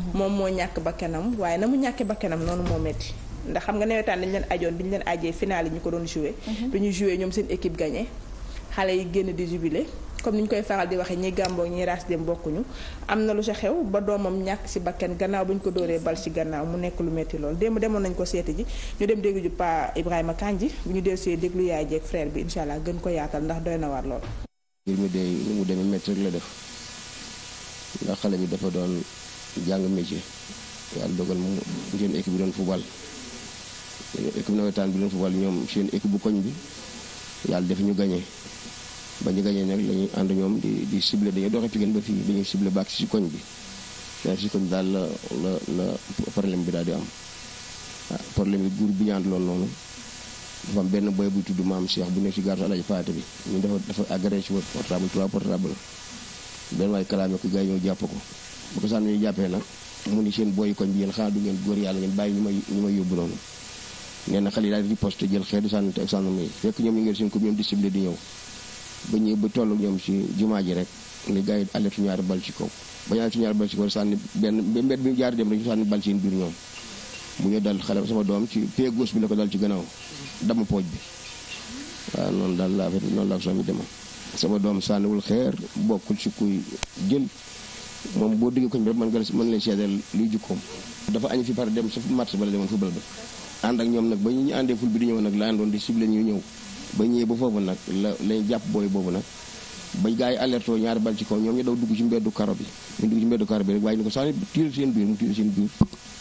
Mhm. moom moo ñàkk bakkanam waaye na mu ñàkkee bakkanam noonu moo metti ndax xam nga nawetaan dañ leen ajoon bi ñu leen ajee final yi ñu ko doon joué mhm. bi ñu joué ñoom seen équipe gagné xale yi génn di jubilé comme ni ñu koy faral di waxee ñi gàmboo ñi raas dem bokkuñu am na lu sa xew ba doomam ñàkk si bakkan gannaaw bu ñu ko dóoree bal si gannaaw mu nekk lu metti lool démb demoon nañ ko seeti ji ñu dem dégg ju pa Ibrahima ji bu ñu dellusee déglu yaay jeeg frère bi incha allah gën ko yaatal ndax doy na war lool. ngir mu dee mu demee métti la def ndax jàng métier yàlla dogal mu seen équipe bi doon football équipe nawetaan bi doon football ñoom seen équipe bu koñ bi yàlla def ñu gañee ba ñu gañee nag lañuy ànd ñoom di sible ciblé doxe doxee Pikine ba fii dañuy ciblé baak si koñ bi daal si koñ bi daal la la la problème bi daal di am waaw ah, problème bi guur bi ñaand loolu noonu dafa benn boy bu tudd maam Cheikh bu nekk si gaaru Alaaji Faate bi ñu dafa dafa agressé ci portable trois portable benn waay kalaame ku gars yi ñëw jàpp ko bu ko sànni ñu jàppee nag mu ni seen booy koñ bi yéen xanaa du ngeen góor yàlla ngeen bàyyi ñu may ñu may yóbbu noonu nee na xale yi daal riposte jël xeetu sànni te ak fekk ñoom ñu ngeen seen commune discipliné di ñëw ba ñëw ba toll ñoom ci jumaa ji rek ni gars yi aletu ñaari bal ci kaw ba ñaari ñaari bal ci kaw sànni benn ba bi jaar dem rek ñu sànni bal seen biir ñoom bu ñëw dal xale sama doom ci pied gauche bi la ko dal ci gannaaw dama pooj bi waaw noonu daal laa fa noonu laa ko soo mi sama doom sànniwul xeer bokkul ci kuy jël moom boo diggee koñ bi rek mën nga man leen seedeel luy jukkoom dafa añ fi pare dem sa match bala demoon football ba ak ñoom nag ba ñu àndee ful bi di ñëw nag la àndoon di ciblé ñu ñëw ba ñëwee ba foofu nag jàpp booy boobu nag ba gars yi alertoo ñaari bal ci kaw ñoom ñu daw dugg ci mbeddu karo bi ñu dugg ci mbeddu karo bi rek waaye ni ko sax tiir seen biir mu tiir seen biir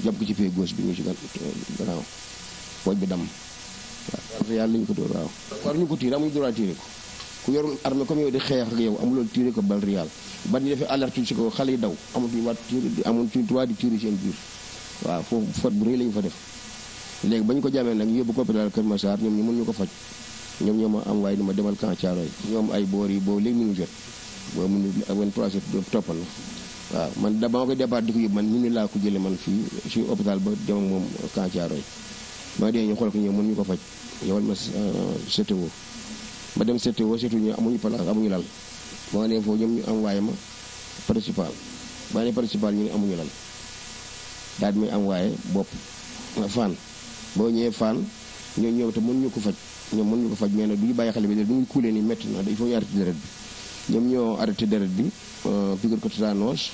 jàpp ko ci pied gauche bi ñu ci gannaaw pooj bi damm waaw yàlla ñu ko dóor waaw war ñu ko tiire ko ku yor armée comme yow di xeex ak yow amuloon tiire ko bal réal ba ñu defee alerte ci ko xale yi daw amatuñu waat tiire amatuñu droit di tiire seen biir waaw foofu faute bu rëy la ñu fa def léegi ba ñu ko jàmmee nag yóbbu ko hôpital Kër Massar ñoom ñu mën ñu ko faj ñoom ñoo ma am waaye ma demal camp Thiaroye ñoom ay boor yi boobu léegi ñu ngi jot boobu mu ngi ak wenn trois man da ba ma koy départ di ko man ñu ni laa ko jële man fii si hôpital ba dem ak moom camp Thiaroye ma xool ko ñoom mën ñu ko faj yowal ma CTO euh, ma dem seeti woo seetu ñu amuñu place amuñu lal ma nga ne foofu ñoom ñu envoyé ma principal ma ne principal ñu ne amuñu lal daal di may envoyé bopp nga faan boo ñëwee faan ñoo ñëw te mënuñu ko faj ñoom mënuñu ko faj mais nag du ñu bàyyi xale bi ne du ñu kuulee ni métti na il faut ñu arrêté deret bi ñoom ñoo bi piqûre ko tétanos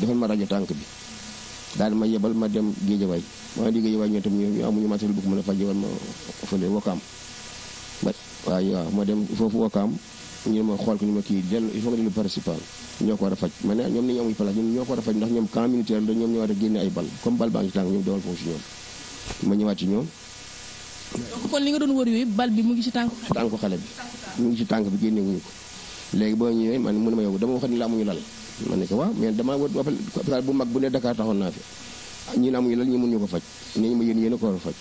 defal ma rajo tànk bi daal ma yebal ma dem géejawaay ma di géejawaay ñoo tam ñu amuñu matériel bu ko mën a fajee wala ma fële wokkaam waaw waaw ma dem foofu wakaam ñu ma xool ko ñu ma kii dellu il faut nga ñoo ko war a faj ma ne ah, ñoom ni ñu amuñu place ñoom ñoo ko a faj ñoo war a génne ay bal comme bal baa ngi tàng ñoom dawal foofu ci ñoom kon li nga doon wër bal bi mu ngi ci tànk tànk xale mu ngi ci tànk bi génne wuñu ko boo ñëwee man mënu ma yow dama ne la amuñu ne ko waaw mais dama bu mag bu ne Dakar taxoon naa fi ah, ñi amuñu lal ñu ko faj ñi ma yéen yéen a ko war a faj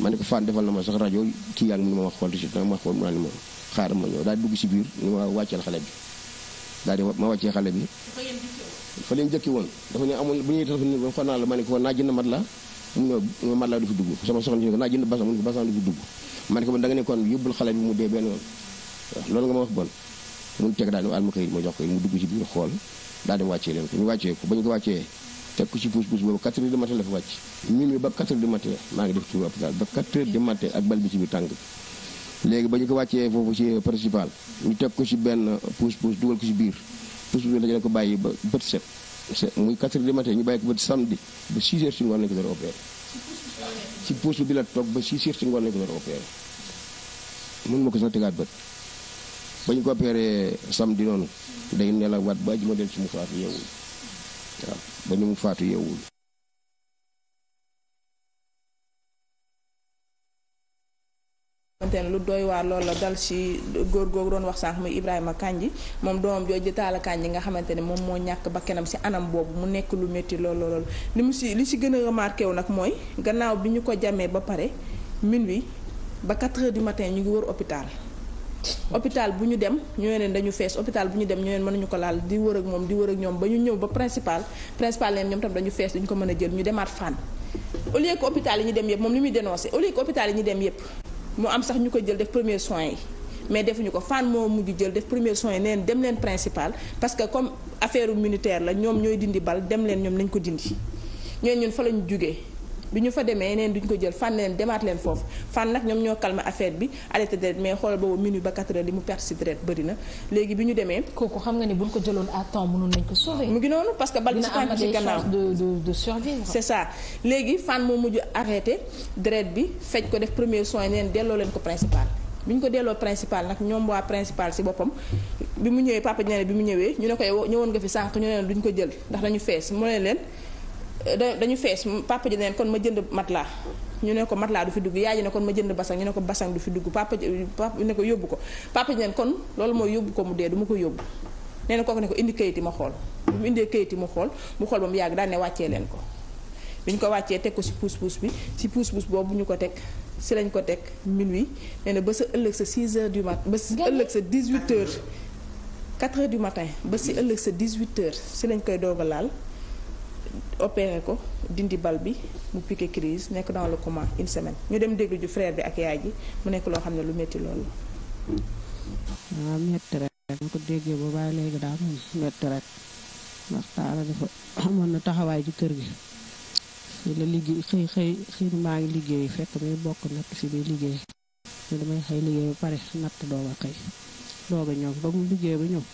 ma ne ko Fane defal na ma sax rajo kii yaa ngi ni ma wax xool di si ma xool mu naan ma xaaral ma ñëw daal di dugg si biir ni ma wàcceel xale bi daal di ma wàccee leen jëkki woon dafa ne amoon bu ñuy téléphone ba xool naa ma ne ko naa jënd mat la mu ne mat la du fi dugg sama soxna si ne ko naa jënd basan mu ne ko basan ma ne ko da nga ne kon yóbbul xale bi mu dee benn yoon loolu nga ma wax bon mun teg daal ni ma koy ma jox ko mu dugg si biir xool daal di wàccee leen ko ñu wàccee ko ba ñu ko wàccee teg ko ci puus puus boobu 4 heures du matin la fa maa ngi def ci hôpital ba 4 ak bi ci biir léegi ba ñu ko wàccee foofu ci principal ñu teg ko ci benn puus puus dugal ko biir puus puus dañu ko bàyyi ba bët set muy 4 heures du ñu bàyyi ko bët samedi ba 6 heures ci ngoon lañu ko la toog ba 6 heures ci ngoon lañu ko door opéré mun ko sa tegaat bët ba ñu ko opéré samedi noonu day nelawaat ba ajuma del ci mu faatu yeewul waaw ba ni mu faatu yeewul lu doy waar loolu la dal ci góor googu doon wax sànq muy Ibrahima kànji moom doomam jooju Talla Kandji nga xamante ne moom moo ñàkk ba kenam ci anam boobu mu nekk lu métti lool lool li mu ci li ci gën a remarqué wu nag mooy gannaaw bi ñu ko jamee ba pare minuit ba 4 heures du matin ñu ngi wër hôpital. hôpital bu ñu dem ñoo leen dañu fees hôpital bu ñu dem ñoo mën nañu ko laal di wër ak moom di wër ak ñoom ba ñu ñëw ba principal principal leen ñoom tam dañu fees duñu ko mën a jël ñu demaat fànn au lieu que hôpital yi ñu dem yëpp moom li muy dénoncé au lieu ñu dem yëpp mu am sax ñu ko jël def premier soin yi mais defuñu ko fan moo mujj jël def premier soins yi neen dem leen principal parce que comme affaire militaire la ñoom ñooy dindi bal dem leen ñoom lañ ko dindi ñooñu ñun fa lañu jugee bi ñu fa demee neen duñ ko jël fan leen demaat leen foofu fan nag ñoom ñoo calmé affaire bi arrêté deret mais xoolal boobu minuit ba 4 heures li mu perte si deret bëri na léegi bi ñu demee. kooku xam nga ni buñ ko jëloon à temps ko sauver. mu ngi noonu parce que bal bi léegi fan moo mujj arrêté deret bi fej ko def premier soin neen delloo leen ko principal. bi ko delloo principal nag ñoom waa principal ci boppam bi mu ñëwee papa bi mu ñëwee ñu ne koy ñëwoon nga fi sànq ñu ne leen ko jël ndax dañu fees mu ne leen. dañu fees papa ji neen kon ma jënd matelas ñu ne ko matelas du fi dugg yaay ji ne kon ma jënd basang ñu ne ko basang du fi dugg papa ji papa ne ko yóbbu ko papa ji neen kon loolu mooy yóbbu ko mu dee du ma ko yóbbu nee na kooku ne ko indi kayit yi ma xool bu mu indee kayit yi mu xool mu xool ba mu yàgg daal ne wàccee leen ko bi ñu ko wàccee teg ko si puus puus bi si puus puus boobu ñu ko teg si lañ ko teg minuit nee na ba sa ëllëg sa 6 heures du matin ba sa ëllëg sa 18 heures 4 heures du ba si ëllëg sa 18 heures si lañ koy doog a laal opéré ko dindi bal bi mu piqué crise nekk dans le coma une semaine ñu dem déglu ju frère bi ak yaay ji mu nekk loo xam ne lu metti loolu waaw métti rek mu ko déggee ba bàyyi léegi daal moom métti rek ndax taala dafa amoon na taxawaay ji kër gi fi la liggéey xëy xëy xëy maa ngi liggéey fekk muy bokk natt fi muy liggéey ñu damay xëy liggéey ba pare natt doog a xëy doog a ñëw ba mu liggéey ba ñëw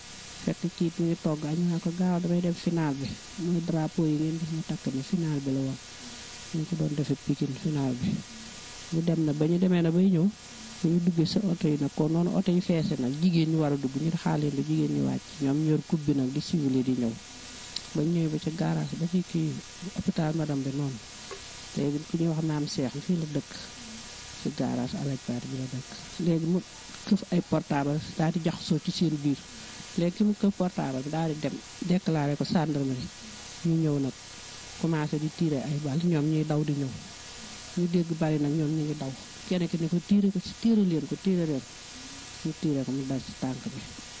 fekk kiit ñu ngi togg añ naa ko gaaw damay dem final bi mooy drapeau yi ngeen gis mu takk ni final bi la woon ñu ko doon defee Pikine final bi ñu dem na ba ñu demee na bay ñëw bu ñu duggee si oto yi nag ko noonu oto yi feese nag jigéen ñi war a dugg ñu xaaleen du jigéen ñi wàcc ñoom ñor kub bi nag di siwile di ñëw ba ñu ñëwee ba ca garage ba ci kii hôpital madame bi noonu léegi ku ñuy wax maam seex fii la dëkk ci garage alaj baat bi la dëkk léegi mu ay portable daal di jaxasoo ci seen biir léegi mu këf portable bi daal di dem déclaré ko gendarmerie ñu ñëw nag commencé di tiire ay bal ñoom ñuy daw di ñëw ñu dégg bari nag ñoom ñu daw kenn ki ni ko tiire ko ci tiire leen ko tiire leen ñu tiire ko mu bi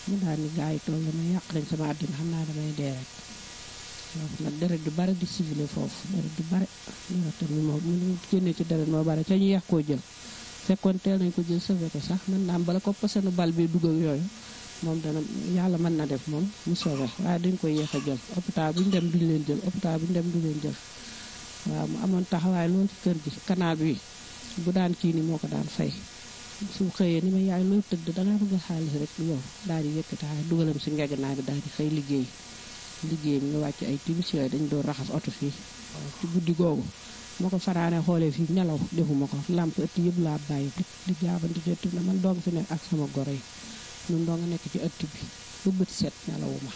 mu daal ni gars yi toog yàq nañ sama àddina xam naa damay dee rek foofu nag deret du bare di civilé foofu deret du bare deret mi moo mu génne ci deret moo bare ca ñu yàq koo jël fekkoon teel nañ ko jël sauvé ko sax mën naa am bala ko posé nu bal bi dugg ak yooyu moom dana yàlla mën na def moom mu soobee waaye dañ koy yéex a jël hôpital bu ñu dem duñ leen jël hôpital bu ñu dem duñ leen jël waaw mu amoon taxawaay loolu ci kër gi canal bi bu daan kii ni moo ko daan fay su xëyee ni ma yaay loolu tëdd dangaa bëgg xaalis rek yow daal di yëkkati xaalis dugalam si ngege naa bi daal di xëy liggéey liggéey mi nga wàcc ay tibis yooyu dañ doon raxas oto fii guddi googu moo ko fanaane xoolee fii nelaw defuma ko làmp ëtt yëpp laa bàyyi di jaabante jot na man doog fi nekk ak sama goro yi ñun doo nga nekk ci ëtt bi bu bët set nelawuma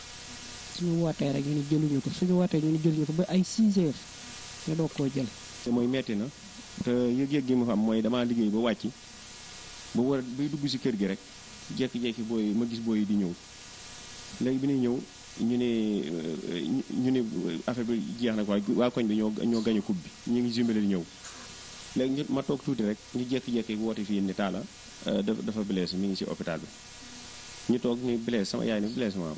suñu wootee rek ñu ni jëluñu ko suñu wootee ñu ni jëluñu ko ba ay 6 heures ñu doog koo jël. te mooy metti na te yëg-yëg gi mooy damaa liggéey ba wàcc ba war dugg si kër gi rek jékki-jékki ma gis booy di ñëw léegi bi ñuy ñëw ñu ne euh, ñu ne affaire bi jeex na waaye waa koñ bi ñoo ñoo gañu coupe bi ñu ngi jumbale di ñëw léegi ma toog tuuti rek ñu jékki-jékki woote fii ni taala euh, dafa blessé mi ngi si hôpital bi. ñu toog ñu blessé sama yaay ni blessé ma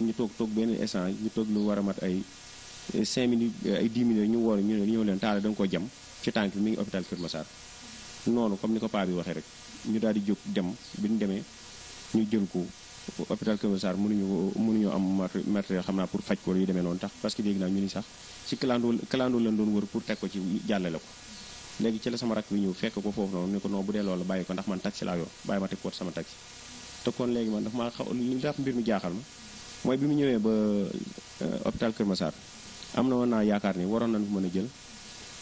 ñu toog toog benn instant ñu toog lu war a mat ay 5 eh, minutes eh, ay 10 minutes ñu woor ñu ñëw leen taala da nga ko jam ci tànk bi mi ngi hôpital Kër Massar noonu comme ni ko paa bi waxee rek ñu daal di jóg dem bi ñu demee ñu jël ko hôpital Kër Massar mënuñu mënuñu am matériel xam naa pour faj ko yu demee noonu tax parce que dégg naa ñu ni sax ci clando clando lañ doon wër pour teg ko ci jàllale ko léegi te kon léegi man daf maa xaw li tax mbir mi jaaxal ma mooy bi mu ñëwee ba euh, hôpital Kër Massar am na woon naa yaakaar ni waroon na ko mën a jël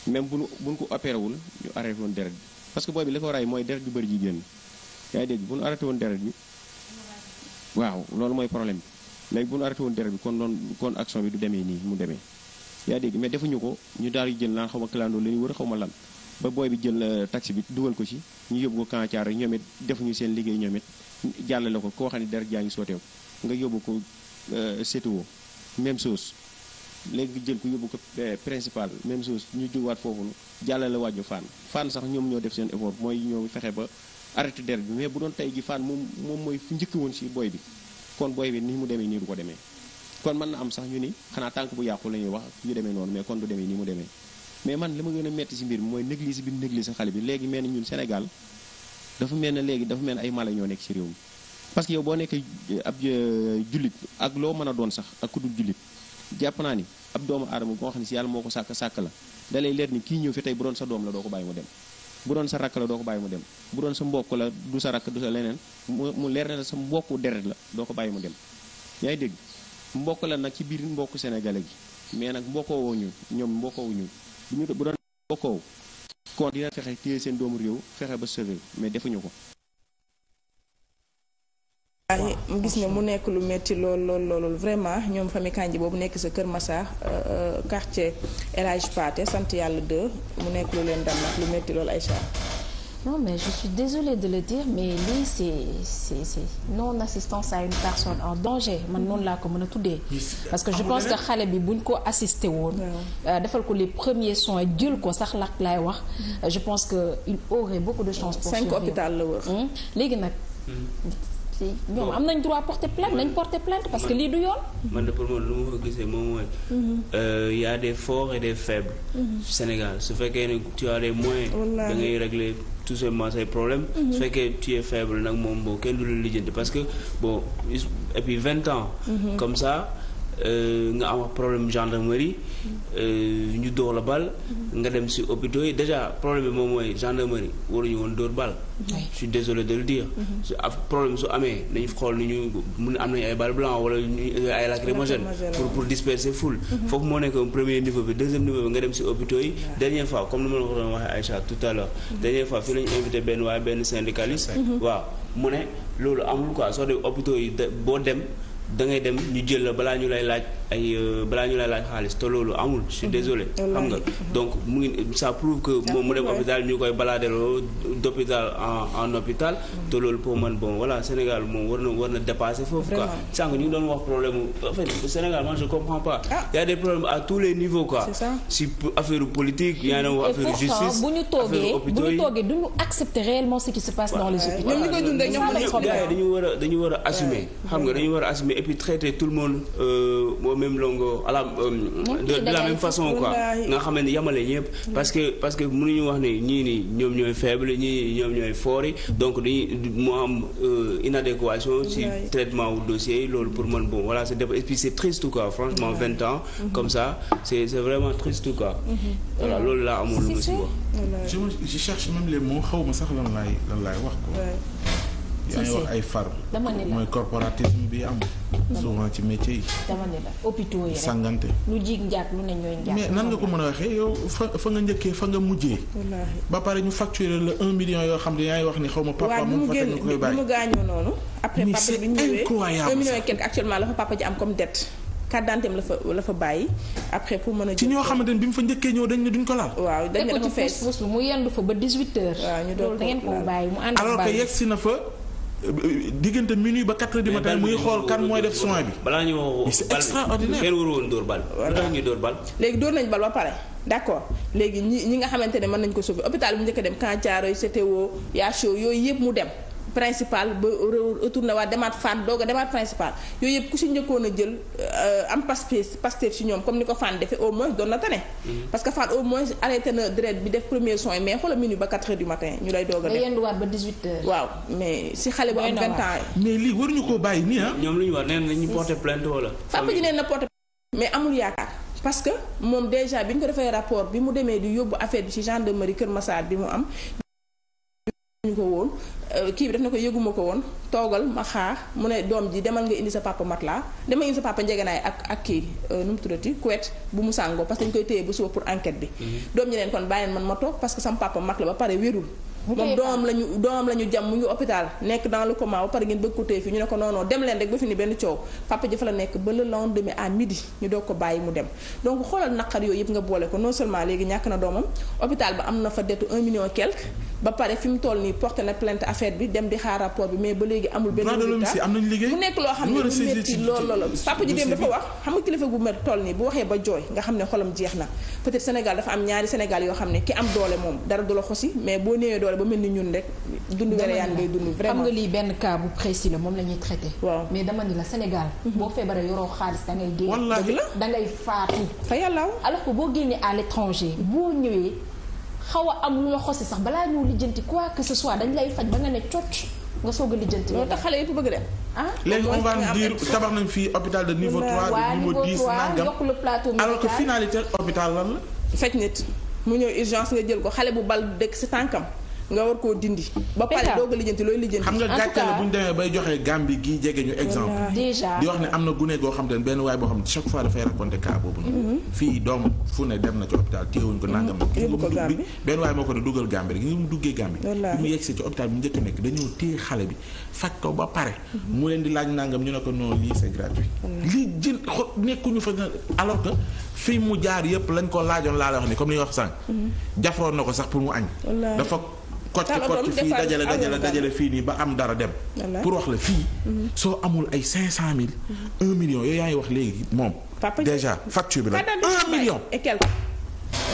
même bu buñ ko opéré wul ñu arrêté woon deret bi parce que booy bi li ko mooy deret ju bëri ji génn yaa bu ñu arrêté woon deret bi waaw loolu mooy problème bi léegi bu ñu arrêté woon deret bi kon loon kon action bi du demee nii mu demee yaa dégg mais defuñu ko ñu daal di jël naan xaw ma clando la ñu wër xaw ma lan ba booy bi jël euh, taxi bi dugal ko ci ñu yóbbu ko kancaar yi ñoom it defuñu seen liggéey ñoom it jàllale ko koo xam ne der jaa ngi sooteew nga yóbbu ko CTO euh, même chose léegi jël ko yóbbu ko euh, principal même chose ñu jógwaat foofu jàllale wàjju faan faan sax ñoom ñoo def seen effort mooy ñoo fexe ba arrêté der bi mais bu doon tey ji faan moom moom mooy fu njëkk woon si booy bi kon booy bi ni mu demee nii du ko demee kon mën na am sax ñu ni xanaa tànk bu yàqu la ñuy wax yu demee noonu mais kon du demee nii mu demee mais man li ma gën a metti ci mbir mi mooy négligé bi négligé xale bi léegi mel ni ñun Sénégal dafa mel ne léegi dafa mel ne ay mala ñoo nekk ci réew mi parce que yow boo nekkee ab euh, jullit ak loo mën a doon sax ak ku dul jullit jàpp naa ni ab doomu aadama boo xam ne si yàlla moo ko sàkk sàkk la dalay lay leer ni kii ñëw fi tey bu doon sa doom la doo ko bàyyi mu dem bu doon sa rakk ko bàyyi mu dem bu doon sa mbokk la du sa rakk du sa leneen mu leer na sa mbokku deret la doo ko bàyyi mu dem yaa ngi dégg mbokk la nag ci biir mbokk sénégalais gi mais nag mbokkoo woo ñu ñoom mbokkoo ñu bu ñu bu doon bokkoo kon dina fexe téye seen doomu réew fexe ba sauver mais defuñu ko. waaye gis ne mu nekk lu metti lool lool lool vraiment ñoom famille Kandji boobu nekk sa Kër masaa euh, euh, quartier El Hadj sant yàlla 2 mu nekk lu leen dal nag lu metti lool Aïcha. Non, mais je suis désolée de le dire, mais lii c'est c'est non-assistance à une personne en danger man noonu laa ko mën a tuddee. parce que je pense que xale bi buñ ko assisté woon. Euh, defal ko les premiers soins jël ko sax lakk laay wax. Mm. Euh, je pense que il aurait beaucoup de chance. pour survivre cinq hôpital la wër. léegi nag. Mm. si ñoom am nañ droit porter plainte nañ porter plainte parce que lii du yoon. man de pour man lu ma ko gisee moom mooy. Euh, y a des forts et des faibles. Mhm. Sénégal su fekkee ne tu as les moyens. da ngay régler tout simplement say problème. su mhm. fekkee tu es faible nag moom boo kenn du la lijjanti parce que bon et puis vingt ans. Mhm. comme ça. Euh, nga am problème gendarmerie euh, ñu dóor la bal nga dem si hôpitaux yi déjà problème bi moom mooy gendarmerie waruñu woon dóor bal je suis désolé de le dire su mhm. af problème su amee nañu xool ni ñu mun am nañu ay bal blanc wala ñu euh, ay lacrymogène pour pour disperser foule mhm. foofu moo nekk premier niveau bi deuxième niveau bi nga dem si hôpitaux yi dernière fois comme ni ma la ko doon waxee Aïcha tout à l'heure mhm. dernière fois fii lañu invité benn waaye benn syndicaliste loolu amul quoi soo dem hôpitaux boo dem da ngay dem ñu jël la balaa ñu lay laaj ay euh, balaa ñu lay laaj xaalis te loolu amul je mhm. désolé xam nga donc mu ngi ça prouve que moom mu dem hôpital ñu koy balaadeloo d'hôpital en en hôpital te loolu pour man bon voilà Sénégal moom war na war na dépasser foofu quoi sànq ñu ngi doon wax problème en fait Sénégal je comprends pas ah. y a des problèmes à tous les niveaux quoi si affaire politique yaa ngi wax affaire justice bu ñu toogee bu ñu accepter a a assumer a assumer et puis traiter tout le monde euh, au même longo à la euh, de, la même façon quoi nga xam ne yamale ñëpp parce que parce que ñu wax ni ñii ni ñoom ñooy faible ñii ñoom ñooy fort donc dañuy mu am euh, inadéquation ci traitement wu dossier yi loolu pour man bon voilà c'est et puis c'est triste quoi franchement vingt ans mhm. comme ça c'est c'est vraiment triste quoi mhm. voilà loolu laa amul lu ma si wax je cherche même les mots xaw sax lan laay lan laay wax quoi yaa ngi wax ay faru. mooy corporatisme bi am. souvent ci métier yi. sangante. lu jiig njaat lu ne ñooy njaat. mais nan nga ko mën a waxee yow fa fa nga njëkkee fa nga mujjee. ba pare ñu facturer la fa ñu ji am comme dette. carte la fa la fa bàyyi après pour mën a. ci mu fa njëkkee ñëw dañ ne duñ ko laal. waaw dañ ne dafa fees mu yendu fa ba 18 heures. waaw ñu doon ko laal da ngeen ko bàyyi mu na fa. diggante minuit ba 4 heures du matin muy xool kan mooy def soin bi. balaa ñu c'est extraordinaire kenn waroon dóor bal. ñu dóor bal. léegi dóor nañ bal ba pare d'accord léegi ñi ñi nga xamante ne mën nañ ko sauver hôpital bu njëkk dem Kantiaro CTO Yacho yooyu yëpp mu dem. principal ba retourné waat demaat fan doog a demaat principal yooyu yëpp ku si njëkkoon a jël am Pastef Pastef si ñoom comme ni ko fan defee au moins doon na tane. parce que fan au moins arrêté na deret bi def premier soin mais xoolal ba 4 du matin ñu lay doog a. def yenduwaat ba waaw mais si xale bu am 20 ans. mais lii waruñu koo bàyyi nii ah. ñoom lu ñu war nee nañu porté plainte wala. papa ji amul yaakaar. parce que moom déjà bi ñu ko defee rapport bi mu demee di yóbbu affaire bi ci gendarmerie Kër Massar ñu ko woon euh, kii bi daf ne ko yëguma ko woon toogal ma xaa mu ne doom ji demal nga indi sa papa matelas demal indi sa papa njegenaay ak ak kii euh, nu mu tuddati couette bu mu sàngoo parce que koy téye bu suba pour enquête bi mm-hmm. doom ji neen kon bàyyi man ma toog parce que sama papa mag la ba pare wérul moom doomam la ñu doomam la ñu jam mu ngi hôpital nekk dans le coma ba pare ngeen bëgg ko téye fii ñu ne ko non dem leen rek ba fi ni benn coow papa ji fa la nekk ba le lendemain à midi ñu doog ko bàyyi mu dem donc xoolal naqar yooyu yëpp nga boole ko non seulement mu bi dem di xaar rapport bi mais ba léegi amul benn résultat am nekk loo xam ne lu métti lool lool papa ji dem dafa wax xam kilifa gu mel toll nii bu waxee ba jooy nga xam ne xolam jeex na peut Sénégal dafa am ñaari Sénégal yoo xam ne ki am doole doole ba mel ni ñun rek dund wereyaan ngay dund vraiment xam nga lii benn cas bu précis la moom la ñuy traité waaw mais dama ni la Sénégal mhm. boo feebaree yoroo xaalis da ngay dee da ngay faatu fa yàlla alors que boo génnee à l'étranger boo ñëwee xaw a am lu la xosi sax balaa ñu lijjanti quoi que ce soit dañ lay faj ba nga ne cocc nga soog a lijjanti loolu tax xale yëpp bëgg dem ah léegi on va dire tabax nañ fii hôpital de niveau 3 de niveau 10 nangam yokk le plateau alors que finalité hôpital lan la faj nit mu ko xale bu bal dëkk si tànkam nga war koo dindi. ba pare a lijjanti looy lijjanti. xam nga gàccale bu ñu demee bay joxe Gambie gii jege ñu exemple. di wax ne am na gune goo xam ne benn waay boo xam ne chaque fois dafay raconté cas boobu. Mhm. fii doom fu ne dem na ci hôpital téyewuñ ko nangam. Mhm. yóbbu ko Gambie benn waay moo ko ne dugal Gambie rek ni mu a nekk dañoo ko ba pare. Mhm. mu leen di laaj nangam ñu ne ko non lii c'est gratuit. lii jël xo nekkuñu fa alors que fi mu jaar yëpp lañ ko laajoon laa la wax ni comme li nga wax sànq. jafroon na ko sax pour mu añ dafa kocc kocc fii dajale dajale dajale fii nii ba am dara dem pour wax la fii mhm. soo amul ay cinq cent mille mhm. un million yooyu yaa ngi wax léegi moom déjà facture bi la un million et quelque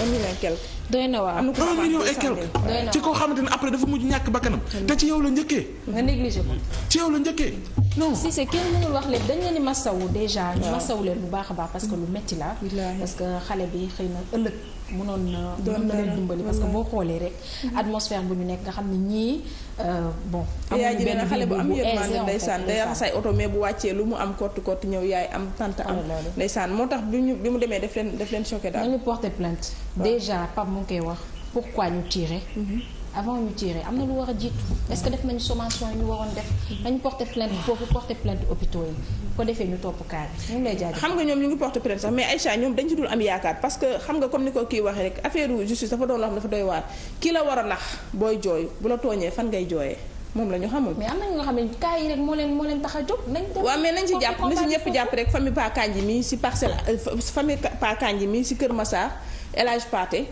un million doy na waaw un million et quelque ci koo xamante ne après dafa mujj ñàkk bakkanam te ci yow la njëkkee nga négligé ci yow la njëkkee non si c'est kenn mënul wax lépp dañ leen di masawu déjà ñu masawu leen bu a baax parce que lu metti la parce que xale bi xëy na ëllëg mënoon na mën na leen dimbali parce boo xoolee rek mm-hmm. atmosphère bu ñu nekk nga xam ne ñii euh, bon yaay ji nee xale bu am yërmande ndeysaan day raxas ay oto mais bu wàccee lu mu am kott kott ñëw yaay am tant am ndeysaan moo tax bi mu demee def leen def leen choqué daal nañu porté plainte déjà mu ngi koy wax pourquoi ñu tirer. Mhm. avant ñu tirer am na lu war a jiitu est-ce que def nañu sommation yi ñu waroon def nañu porter plainte foofu porter plainte hôpitaux yi ko defee ñu topp kaar bi ñu ngi lay jaajëf xam nga ñoom ñu ngi porter plainte sax mais Aïcha ñoom dañ ci dul am yaakaar parce que xam nga comme ni ko kii waxee rek affaire justice dafa doon loo xam dafa doy waar kii la war a nax booy jooy bu la tooñee fan ngay jooyee moom la ñu xamul. mais am na nga xam ne cas yi rek moo leen moo leen tax a jóg. nañ ko waaw mais nañ ci jàpp na ci ñëpp jàpp rek famille Pa Kandji mii si parcelle euh, famille Pa Kandji Kër Massar El Hadj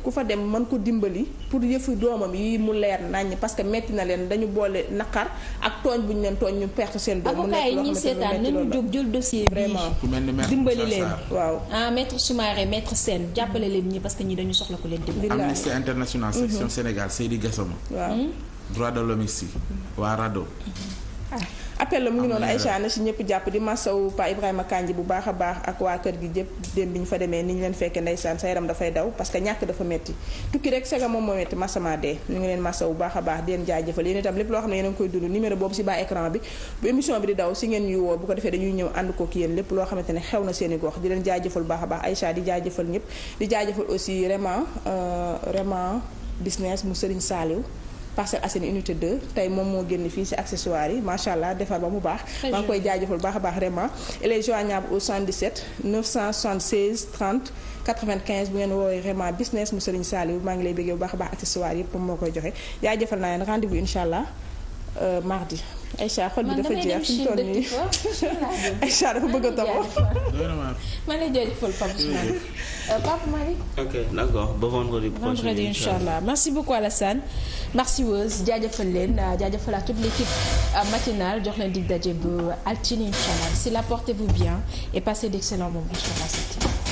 ku fa dem man ko dimbali pour yëfu doomam yi mu leer naññ parce que metti na leen dañu boole naqar ak tooñ bu ñu leen tooñ ñu perte seen doom. mu nekk loo xamante ni mu jóg jël dossier bi dimbali leen waaw. ah maître Soumaré maître jàppale leen ñi parce que ñi dañu soxla ko leen dimbali. Amnesty International section mhm. waa RADDHO ah, appel la mu ngi noonu Aïcha na si ñëpp jàpp di masawu Pa Ibrahima Kandji bu baax a baax ak waa kër gi jëpp démb bi ñu fa demee ni ñu leen fekkee ndeysaan sa yaram dafay daw parce que ñàkk dafa metti tukki rek saga moom moo metti masama dee ñu ngi leen masawu bu baax a baax di leen jaajëfal yéen itam lépp loo xam ne yéen a ngi koy dund numéro boobu si bas écran bi bu émission bi di daw si ngeen ñu woo bu ko defee dañuy ñëw ànd ko ki lépp ne xew na seen i gox di leen jaajëfal bu baax a baax Aïcha di jaajëfal ñëpp di jaajëfal vraiment euh, vraiment business mu Serigne Saliou Parcelles Assainies unité 2 tey moom moo génn fii ci accessoires yi macha allah defar ba mu baax. maa ngi koy jaajëfal baax a baax vraiment. il est joignable au 77 976 30 95 bu ngeen woowee vraiment business mu Serigne Saliou maa ngi lay bëggee bu baax a baax accessoires yëpp moom moo koy joxe jaajëfal naa leen rendez-vous incha allah. Euh, mardi. Aïcha xol bi dafa jeex fi mu toll nii Aïcha dafa bëgg a toog. la jaajëfal Pape Ousmane. Euh, Pape Malick. ok d'accord ba vendredi prochain. vendredi incha allah merci beaucoup Alassane. merci Weuz jaajëfal leen euh, jaajëfal à toute l'équipe matinale jox daje ba altine incha allah d'ici là portez-vous bien et passez d'excellents moments sur la 7TV.